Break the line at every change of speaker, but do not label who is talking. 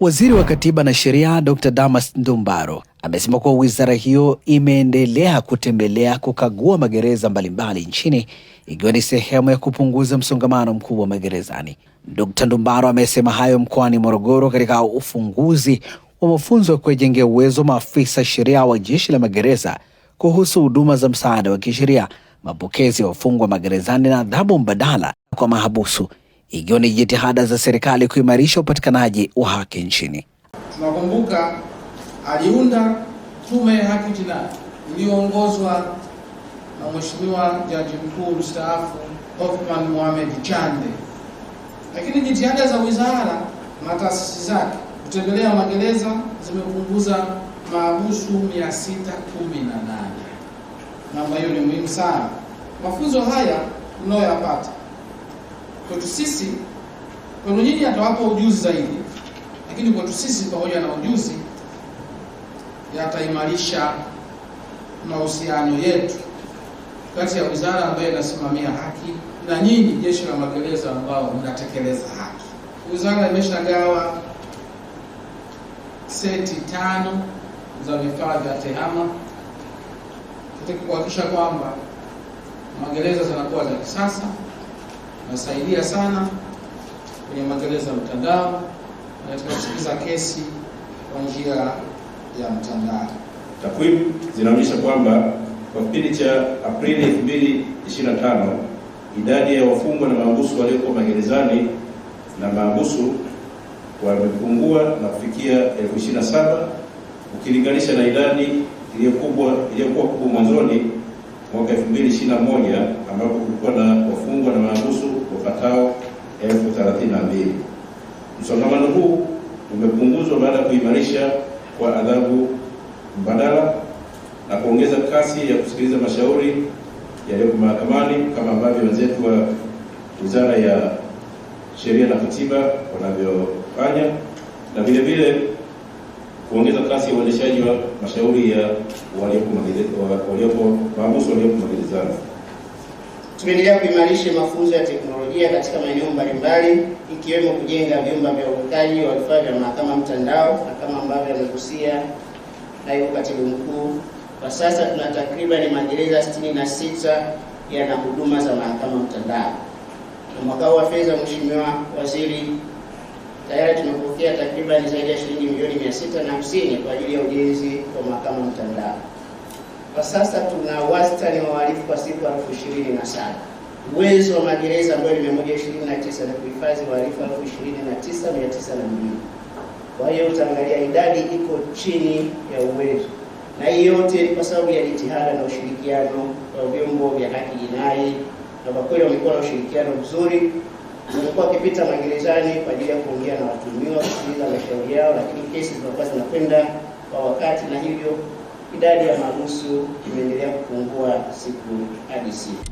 Waziri wa Katiba na Sheria Dr. Damas Ndumbaro amesema kuwa wizara hiyo imeendelea kutembelea kukagua magereza mbalimbali nchini ikiwa ni sehemu ya kupunguza msongamano mkubwa magerezani. Dr. Ndumbaro amesema hayo mkoani Morogoro katika ufunguzi wa mafunzo ya kuwajengea uwezo maafisa sheria wa Jeshi la Magereza kuhusu huduma za msaada wa kisheria, mapokezi ya wafungwa magerezani na adhabu mbadala kwa mahabusu ikiwa ni jitihada za serikali kuimarisha upatikanaji wa haki nchini.
Tunakumbuka aliunda tume ya haki jinai iliyoongozwa na Mheshimiwa Jaji Mkuu mstaafu Othman Mohamed Chande, lakini jitihada za wizara na taasisi zake kutembelea magereza zimepunguza maabusu 618. Namba hiyo ni muhimu sana. Mafunzo haya unayoyapata Kwetu sisi, kwenu nyinyi atawapa ujuzi zaidi, lakini kwetu sisi, pamoja na ujuzi, yataimarisha mahusiano yetu kati ya wizara ambayo inasimamia haki na nyinyi jeshi la magereza ambao mnatekeleza haki. Wizara imeshagawa seti tano za vifaa vya TEHAMA katika kuhakikisha kwamba magereza zinakuwa za kisasa. Nasaidia sana kwenye magereza ya mtandao na katika kusikiliza kesi kwa njia ya mtandao.
Takwimu zinaonyesha kwamba kwa kipindi cha Aprili 2025 idadi ya wafungwa na mahabusu walioko magerezani na mahabusu wamepungua na kufikia 27 na ukilinganisha na idadi iliyokuwa kubwa mwanzoni mwaka 2021 ambapo kulikuwa na wafungwa na mahabusu upatao elfu thelathini na mbili. Msongamano huu umepunguzwa baada ya kuimarisha kwa adhabu mbadala na kuongeza kasi ya kusikiliza mashauri yaliyopo mahakamani kama ambavyo wenzetu wa Wizara ya Sheria na Katiba wanavyofanya, na vile vile kuongeza kasi ya uendeshaji wa mashauri ya waliopo mahabusu waliopo magerezani.
Tumeendelea kuimarisha mafunzo ya teknolojia katika maeneo mbalimbali ikiwemo kujenga vyumba vya uwekaji wa vifaa vya mahakama mtandao, na kama ambavyo amegusia naibu katibu mkuu, kwa sasa tuna takriban magereza 66 yana huduma za mahakama mtandao, na mwaka huu wa fedha, Mheshimiwa Waziri, tayari tumepokea takriban zaidi ya shilingi milioni 650 kwa ajili ya ujenzi wa mahakama mtandao. Kwa sasa tuna wastani wa wahalifu kwa siku elfu ishirini na saba. Uwezo wa magereza ambayo ni 129 na kuhifadhi wahalifu elfu ishirini na tisa mia tisa na mbili. Kwa hiyo utaangalia idadi iko chini ya uwezo, na hii yote ni kwa sababu ya jitihada na ushirikiano wa vyombo vya haki jinai, na kwa kweli wamekuwa na ushirikiano mzuri wamekuwa wakipita magerezani kwa ajili ya kuongea na watuhumiwa, kusikiliza mashauri yao, lakini kesi zinakuwa zinakwenda kwa wakati na hivyo idadi ya mahabusu imeendelea kupungua siku hadi siku.